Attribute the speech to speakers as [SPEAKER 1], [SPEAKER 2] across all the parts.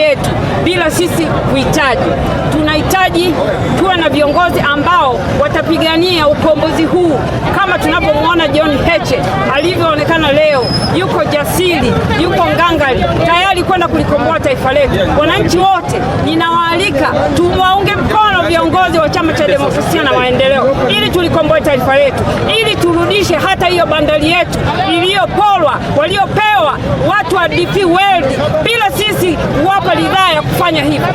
[SPEAKER 1] yetu bila sisi kuhitaji. Tunahitaji tuwe na viongozi ambao watapigania ukombozi huu kama tunapomwona John Heche alivyoonekana leo, yuko jasiri, yuko ngangari, tayari kwenda kulikomboa taifa letu. Wananchi wote ninawaalika tuwaunge mkono viongozi wa Chama cha Demokrasia na Maendeleo ili taifa letu, ili turudishe hata hiyo bandari yetu iliyoporwa, waliopewa watu wa DP World. Bila sisi wako ridhaa ya kufanya hivyo.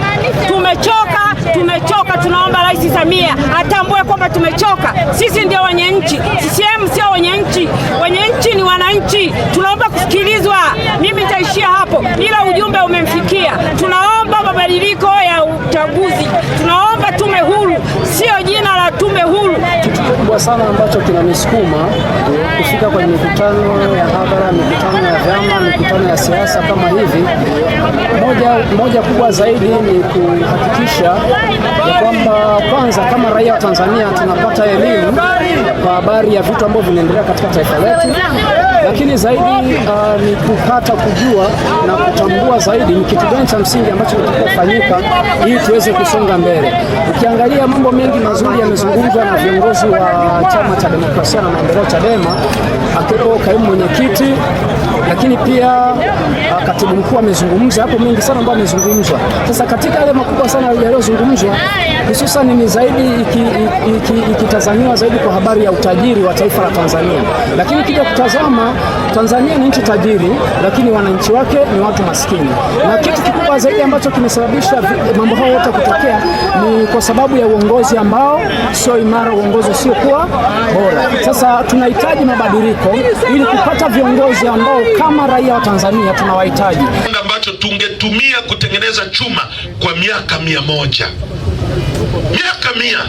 [SPEAKER 1] Tumechoka, tumechoka. Tunaomba Rais Samia atambue kwamba tumechoka. Sisi ndio wenye nchi, CCM sio wenye nchi. Wenye nchi ni wananchi, tunaomba kusikilizwa. Mimi nitaishia hapo, ila ujumbe umemfikia. Tunaomba mabadiliko ya uchaguzi, tunaomba
[SPEAKER 2] kikubwa sana ambacho kinanisukuma kufika kwenye mikutano ya hadhara, mikutano ya vyama mikutano ya siasa kama hivi, moja, moja kubwa zaidi ni kuhakikisha ya kwamba kwanza, kama raia wa Tanzania tunapata elimu kwa habari ya vitu ambavyo vinaendelea katika taifa letu, lakini zaidi uh, ni kupata kujua na kutambua zaidi ni kitu gani cha msingi ambacho kitakofanyika ili tuweze kusonga mbele. Ukiangalia mambo mengi mazuri yamezungumzwa na viongozi wa Chama cha Demokrasia na Maendeleo, CHADEMA, akiwepo kaimu mwenyekiti lakini pia ah, katibu mkuu amezungumza hapo mengi sana ambayo amezungumzwa. Sasa katika yale makubwa sana yaliyozungumzwa hususan ni zaidi ikitazamiwa iki, iki, iki zaidi kwa habari ya utajiri wa taifa la Tanzania, lakini kija kutazama Tanzania ni nchi tajiri, lakini wananchi wake ni watu maskini, na kitu kikubwa zaidi ambacho kimesababisha mambo hayo yote kutokea ni kwa sababu ya uongozi ambao sio imara, uongozi usiokuwa bora. Sasa tunahitaji mabadiliko ili kupata viongozi ambao kama raia wa Tanzania tunawahitaji,
[SPEAKER 3] ambacho tungetumia kutengeneza chuma kwa miaka mia moja miaka mia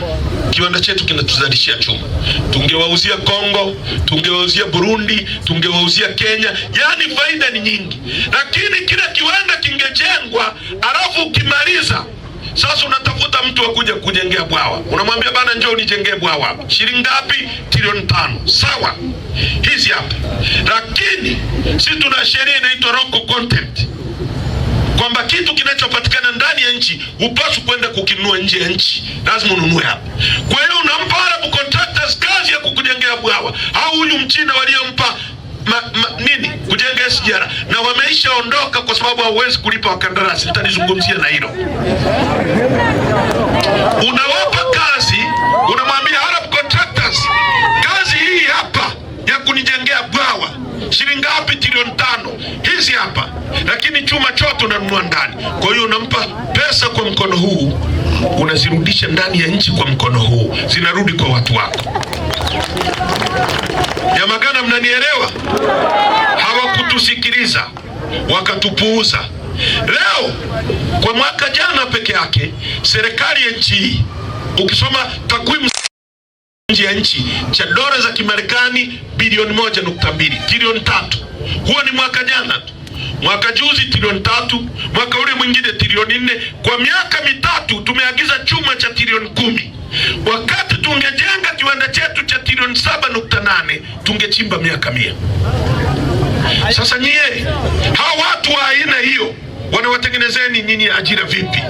[SPEAKER 3] kiwanda chetu kinatuzalishia chuma, tungewauzia Kongo, tungewauzia Burundi, tungewauzia Kenya, yaani faida ni nyingi. Lakini kila kiwanda kingejengwa, alafu ukimaliza sasa unatafuta mtu wa kuja kujengea bwawa, unamwambia bana, njoo unijengee bwawa, shilingi ngapi? trilioni tano sawa, hizi hapa lakini si tuna sheria inaitwa local content, kwamba kitu kinachopatikana ndani ya nchi hupaswi kwenda kukinunua nje ya nchi, lazima ununue hapa. Kwa hiyo unampa Arabu contractors kazi ya kukujengea bwawa au huyu mchina waliompa Ma, ma, nini kujenga SGR na wameishaondoka kwa sababu hauwezi kulipa wakandarasi. Nitalizungumzia na hilo. Unawapa kazi, unamwambia shilingi ngapi? Trilioni tano hizi hapa, lakini chuma chote unanunua ndani. Kwa hiyo unampa pesa kwa mkono huu, unazirudisha ndani ya nchi kwa mkono huu, zinarudi kwa watu wako. yamagana mnanielewa? Hawakutusikiliza, wakatupuuza. Leo kwa mwaka jana peke yake serikali ya nchi hii, ukisoma takwimu nje ya nchi cha dola za Kimarekani bilioni moja nukta mbili trilioni tatu. Huo ni mwaka jana tu, mwaka juzi trilioni tatu, mwaka ule mwingine trilioni nne. Kwa miaka mitatu tumeagiza chuma cha trilioni kumi. Wakati tungejenga kiwanda chetu cha trilioni saba nukta nane tungechimba miaka mia. Sasa nyie hawa watu wa aina hiyo wanawatengenezeni nyinyi ajira vipi?